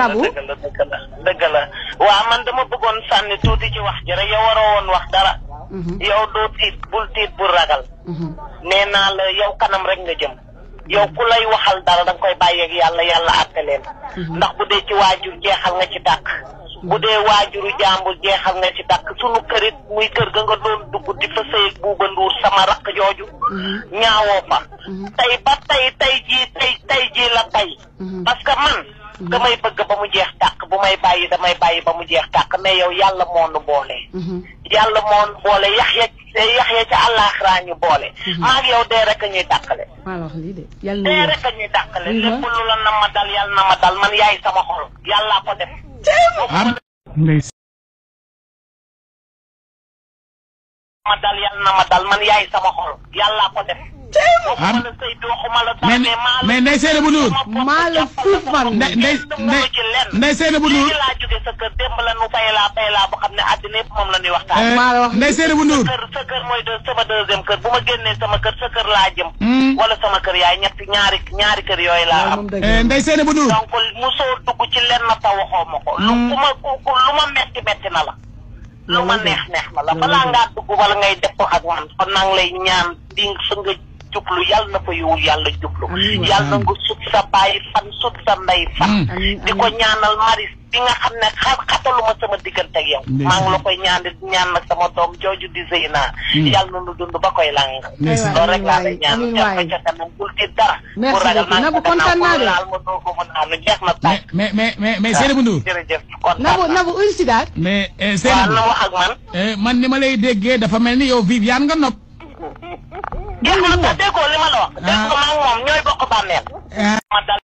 Nabou dëgg la dëgg la dëgg la waaw man dama bëggoon sànni tuuti ci wax ji rek yow waroo woon wax dara. Mhm. yow doo tiit bul tiit bul ragal. Mhm. nee naa la yow kanam rek nga jëm. yow ku lay waxal dara danga koy bàyyeeg yàlla yàlla àtte leen. Mhm. ndax bu dee ci waajur jeexal nga ci dàq. bu dee waajuru jàmbur jeexal nga ci dàq sunu kërit muy kër ga nga doon dugg di fa sëy buuba nduur sama rakk jooju. ñaawoo fa. tey ba tey tey jii tey tey jii la tey. parce man. damay bëgg ba mu jeex tàkk bu may bàyyi damay bàyyi ba mu jeex tàkk mais yow yàlla moonu boole mm-hmm. yàlla moonu boole yax ya yax ya ca àllaaxiraa ñu boole mm-hmm. maa ak dee rek a ñuy dàqale dee rek a ñuy dàqale mm-hmm. lépp lu la na dal yàlla na dal man yaay sama xol yàlla ko def ma dal yàlla na ma dal man yaay sama xol yàllaa ko def waxuma la Seydou waxuma la dara mais mais Ndeye Seynabou Ndour. maa la fuuf man Ndeye Ndeye Ndeye Seynabou Ndour. léegi laa jógee sa kër démb la nu fay la fay laa boo xam ne àddina yëpp moom la ñuy waxtaan. Eh, maa la wax Ndeye Seynabou Ndour. sa kër sa kër mooy de sama deuxième kër bu ma génnee sama kër sa kër laa jëm. Hmm. wala sama kër yaay ñetti ñaari ñaari kër yooyu laa am. Eh, Ndeye bu Ndour. donc mosoo dugg ci lenn ta waxoo ma ko. lu hmm. ku ma ku lu ma metti metti na la. lu ma neex neex na la balaa ngaa dugg wala ngay def ko ak man kon jublu yàlla na ko yow yàlla jublu yàlla na nga sut sa baay fan sut sa ndey fan di ko ñaanal maris bi nga xam ne xa xataluma sama diggante ak yow maa ngi la koy ñaan di ñaan nag sama doom jooju di Zeyna yàlla na lu dund ba koy lang loolu rek laa lay ñaan def ko ma doo ko mën naa lu jeex na tàkk mais mais mais mais Seynabou Ndour ah, jërëjëf kontaan naa Nabou Nabou euh, ulsi euh, man ni ma lay déggee dafa mel ni yow Viviane nga nopp géej ma déggoo li ma la wax. Ah. dégg ko maa ngi moom ñooy bokk bàmmeel. Ah.